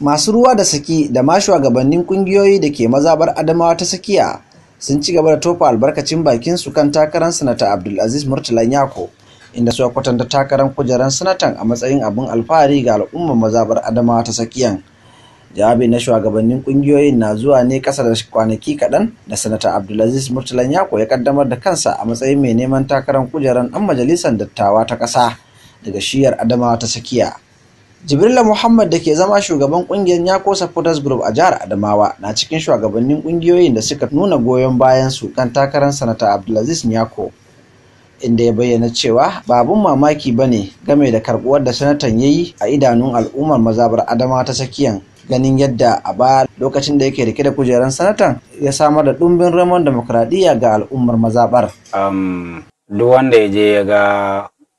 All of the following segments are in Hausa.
masu ruwa da saki da ma shugabannin kungiyoyi da ke mazabar adamawa ta sakiya sun ci gaba da tofa albarkacin bakin su kan takarar sanata abdulaziz Murtala yako inda suka kwatanta takarar kujerar sanatan a matsayin abin alfahari ga al'ummar mazabar adamawa ta sakiyan jawabi na shugabannin kungiyoyin na zuwa ne kasa da kwanaki kaɗan da sanata abdulaziz Murtala yako ya kaddamar da kansa a matsayin mai neman takarar kujerar ɗan majalisar dattawa ta ƙasa daga shiyar adamawa ta sakiya Jibrila Muhammad da ke zama shugaban kungiyar Nyako Supporters Group a jihar Adamawa na cikin shugabannin kungiyoyin da suka nuna goyon bayan su kan takarar sanata Abdulaziz Nyako. Inda ya bayyana cewa ba mamaki ba ne game da karbuwar da sanatan ya yi a idanun al'ummar mazabar Adama ta tsakiyan ganin yadda a baya lokacin da yake rike da kujerar sanatan ya samar da ɗumbin ramon demokuraɗiyya ga al'ummar mazabar. duk wanda ya je ya ga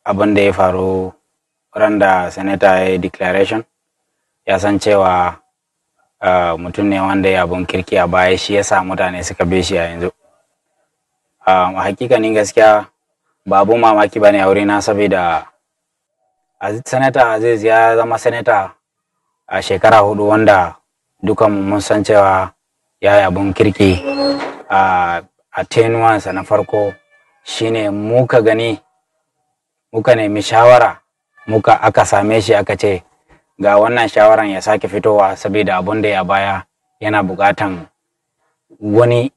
abin da ya faru randa senata ya yi declaration ya san cewa uh, mutum ne wanda ya abun kirki a baya shi yasa mutane suka bi shi a yanzu um, hakikanin gaskiya babu mamaki ba ne a na saboda senator aziz ya zama senator a shekara hudu wanda duka mun san cewa ya yi abun kirki a tenuwansa na farko shine muka gani muka nemi shawara muka aka same shi aka ce ga wannan shawaran ya sake fitowa saboda abun da ya baya yana bukatan wani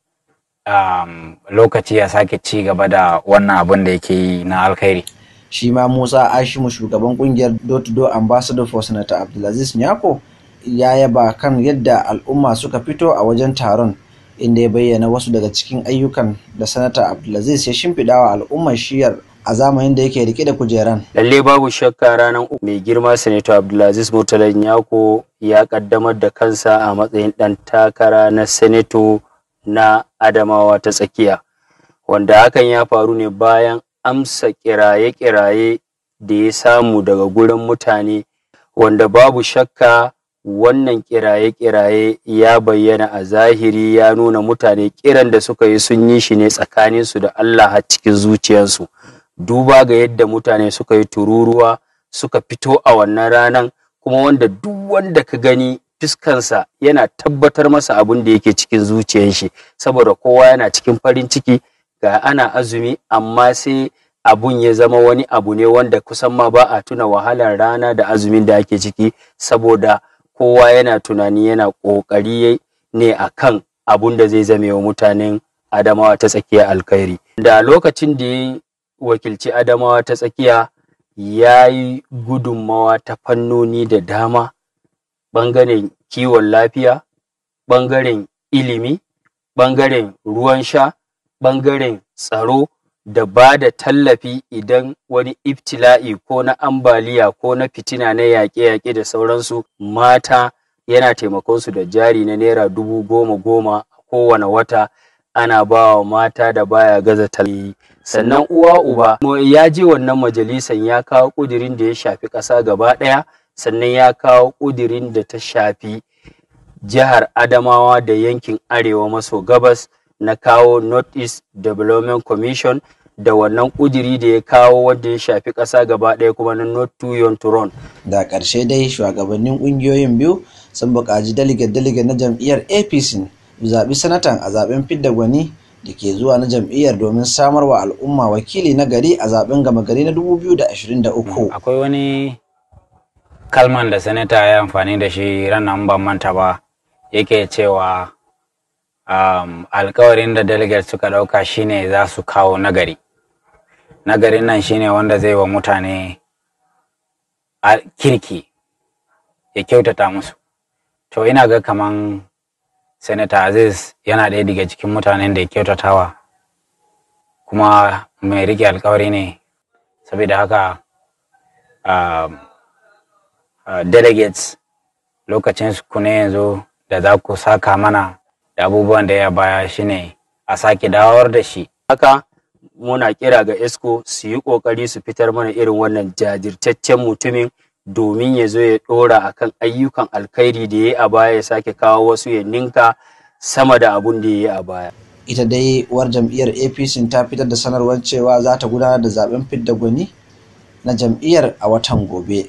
um, lokaci ya sake ci gaba da wannan abun da yake yi na alkhairi. Shi ma Musa Ashimu shugaban kungiyar Door-to-Door Ambassador for Senator Abdulaziz Nyako ya yaba kan yadda al'umma suka fito a wajen taron inda ya bayyana wasu daga cikin ayyukan da Sanata Abdulaziz ya shimfiɗa wa al'ummar shiyar a zamanin da yake rike da kujeran. Lalle babu shakka ranar uku mai girma seneto Abdulaziz Murtala Nyako ya kaddamar da kansa a matsayin ɗan takara na Sanato na Adamawa ta tsakiya. Wanda hakan ya faru ne bayan amsa kiraye-kiraye da ya samu daga gurin mutane wanda babu shakka wannan kiraye-kiraye ya bayyana a zahiri ya nuna mutane kiran da suka yi sun yi shi ne tsakaninsu da Allah a cikin zuciyarsu. duba ga yadda mutane suka yi tururuwa suka fito a wannan ranan kuma wanda duk wanda ka gani fiskansa yana tabbatar masa abin da yake cikin zuciyar shi saboda kowa yana cikin farin ciki ga ana azumi amma sai abun ya zama wani abu ne wanda kusan ma ba a tuna wahalar rana da azumin da ake ciki saboda kowa yana tunani yana ƙoƙari ne akan abun da zai zame wa mutanen adamawa ta tsakiyar alkhairi da lokacin da wakilci Adamawa ta tsakiya ya yi gudunmawa ta fannoni da dama ɓangaren kiwon lafiya, ɓangaren ilimi, ɓangaren ruwan sha, ɓangaren tsaro da ba da tallafi idan wani iftila'i ko na ambaliya ko na fitina na yaƙe-yaƙe da sauransu mata yana taimakonsu da jari na naira dubu goma goma kowane wata ana bawa mata da baya gaza tallafi. sannan uwa uba ya je wannan majalisan ya kawo ƙudirin da ya shafi ƙasa gaba ɗaya sannan ya kawo ƙudirin da ta shafi jihar adamawa da yankin arewa maso gabas na kawo north east development commission da wannan ƙudiri da ya kawo wanda ya shafi ƙasa gaba ɗaya kuma na north to turon da ƙarshe dai shugabannin ƙungiyoyin biyu sun buƙaci delegate delegate na jam'iyyar apc zaɓi sanatan a zaɓen fidda gwani da ke zuwa na jam'iyyar domin samar wa al'umma wakili na gari a zaben gama gari na 2023. Akwai wani kalman da sanata ya amfani da shi ranar ba manta ba yake cewa um, alkawarin da delegates suka ɗauka shine za su kawo nagari. Nagarin nan shine wanda zai wa mutane kirki ya kyautata musu. To ina ga kaman Senator Aziz yana ɗaya daga cikin mutanen da kyautatawa kuma mai rike alkawari ne saboda haka um, uh, delegates lokacin ku ne yanzu da za ku saka mana da abubuwan da ya baya shine a sake dawar da shi haka muna kira ga esco su yi kokari su fitar mana irin wannan jajirtaccen mutumin domin ya zo ya ɗora kan ayyukan alkhairi da ya yi a baya ya sake kawo wasu ya ninka sama da abun da ya yi a baya. Ita dai war jam'iyyar APC ta fitar da sanarwar cewa za ta gudanar da zaben fidda gwani na jam'iyyar a watan gobe.